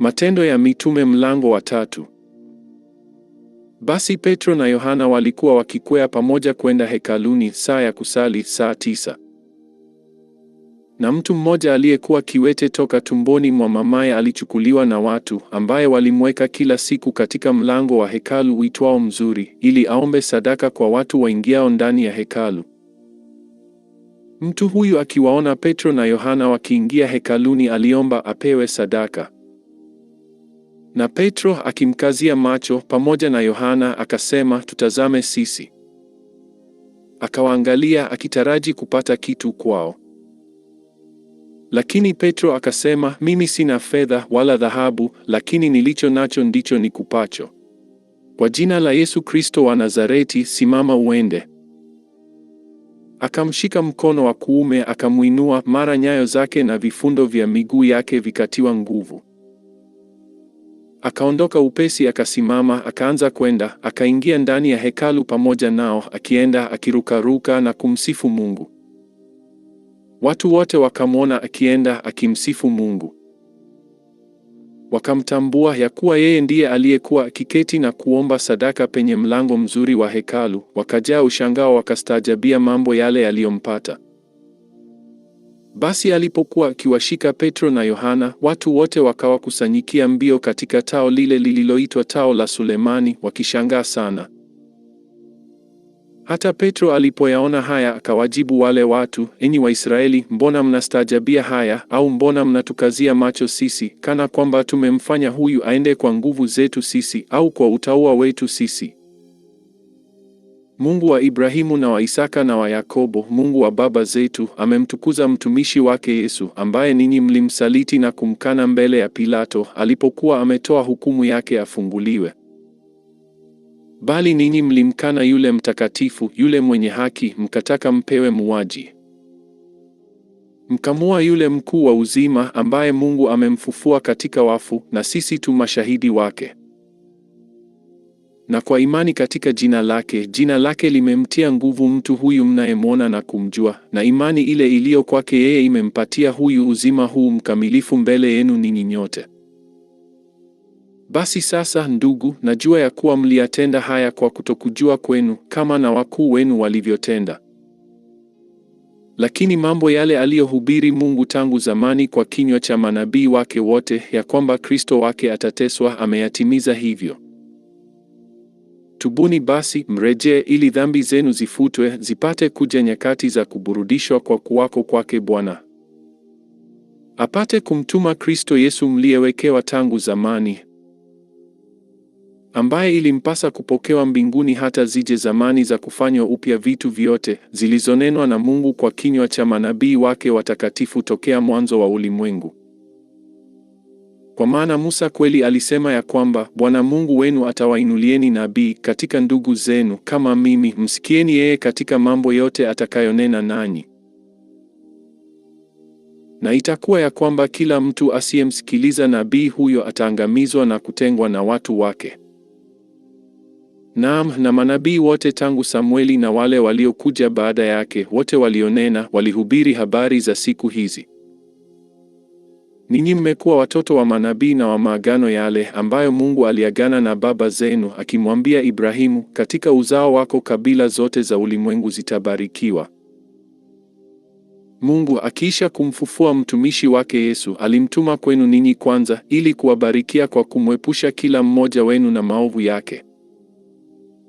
Matendo ya Mitume mlango wa tatu. Basi Petro na Yohana walikuwa wakikwea pamoja kwenda hekaluni saa ya kusali, saa tisa. Na mtu mmoja aliyekuwa kiwete toka tumboni mwa mamaye alichukuliwa na watu, ambaye walimweka kila siku katika mlango wa hekalu uitwao Mzuri, ili aombe sadaka kwa watu waingiao ndani ya hekalu. Mtu huyu akiwaona Petro na Yohana wakiingia hekaluni, aliomba apewe sadaka. Na Petro akimkazia macho pamoja na Yohana akasema, tutazame sisi. Akawaangalia akitaraji kupata kitu kwao. Lakini Petro akasema, mimi sina fedha wala dhahabu, lakini nilicho nacho ndicho nikupacho. Kwa jina la Yesu Kristo wa Nazareti, simama uende. Akamshika mkono wa kuume, akamwinua mara nyayo zake na vifundo vya miguu yake vikatiwa nguvu. Akaondoka upesi, akasimama, akaanza kwenda, akaingia ndani ya hekalu pamoja nao, akienda akirukaruka na kumsifu Mungu. Watu wote wakamwona akienda akimsifu Mungu, wakamtambua ya kuwa yeye ndiye aliyekuwa akiketi na kuomba sadaka penye mlango mzuri wa hekalu, wakajaa ushangao, wakastaajabia mambo yale yaliyompata. Basi alipokuwa akiwashika Petro na Yohana, watu wote wakawakusanyikia mbio katika tao lile lililoitwa tao la Sulemani, wakishangaa sana. Hata Petro alipoyaona haya, akawajibu wale watu, enyi Waisraeli, mbona mnastaajabia haya? Au mbona mnatukazia macho sisi, kana kwamba tumemfanya huyu aende kwa nguvu zetu sisi, au kwa utaua wetu sisi? Mungu wa Ibrahimu na wa Isaka na wa Yakobo, Mungu wa baba zetu, amemtukuza mtumishi wake Yesu, ambaye ninyi mlimsaliti na kumkana mbele ya Pilato alipokuwa ametoa hukumu yake afunguliwe. Bali ninyi mlimkana yule mtakatifu, yule mwenye haki, mkataka mpewe muwaji. Mkamua yule mkuu wa uzima, ambaye Mungu amemfufua katika wafu, na sisi tu mashahidi wake na kwa imani katika jina lake. Jina lake limemtia nguvu mtu huyu mnayemwona na kumjua, na imani ile iliyo kwake yeye imempatia huyu uzima huu mkamilifu mbele yenu ninyi nyote. Basi sasa, ndugu, najua ya kuwa mliyatenda haya kwa kutokujua kwenu, kama na wakuu wenu walivyotenda. Lakini mambo yale aliyohubiri Mungu tangu zamani kwa kinywa cha manabii wake wote, ya kwamba Kristo wake atateswa, ameyatimiza hivyo. Tubuni basi, mrejee, ili dhambi zenu zifutwe, zipate kuja nyakati za kuburudishwa kwa kuwako kwake Bwana, apate kumtuma Kristo Yesu mliyewekewa tangu zamani, ambaye ilimpasa kupokewa mbinguni hata zije zamani za kufanywa upya vitu vyote, zilizonenwa na Mungu kwa kinywa cha manabii wake watakatifu tokea mwanzo wa ulimwengu. Kwa maana Musa kweli alisema ya kwamba Bwana Mungu wenu atawainulieni nabii katika ndugu zenu kama mimi, msikieni yeye katika mambo yote atakayonena nanyi. Na itakuwa ya kwamba kila mtu asiyemsikiliza nabii huyo ataangamizwa na kutengwa na watu wake. Naam, na manabii wote tangu Samueli na wale waliokuja baada yake, wote walionena, walihubiri habari za siku hizi. Ninyi mmekuwa watoto wa manabii na wa maagano yale ambayo Mungu aliagana na baba zenu akimwambia Ibrahimu, katika uzao wako kabila zote za ulimwengu zitabarikiwa. Mungu akiisha kumfufua mtumishi wake Yesu, alimtuma kwenu ninyi kwanza ili kuwabarikia kwa kumwepusha kila mmoja wenu na maovu yake.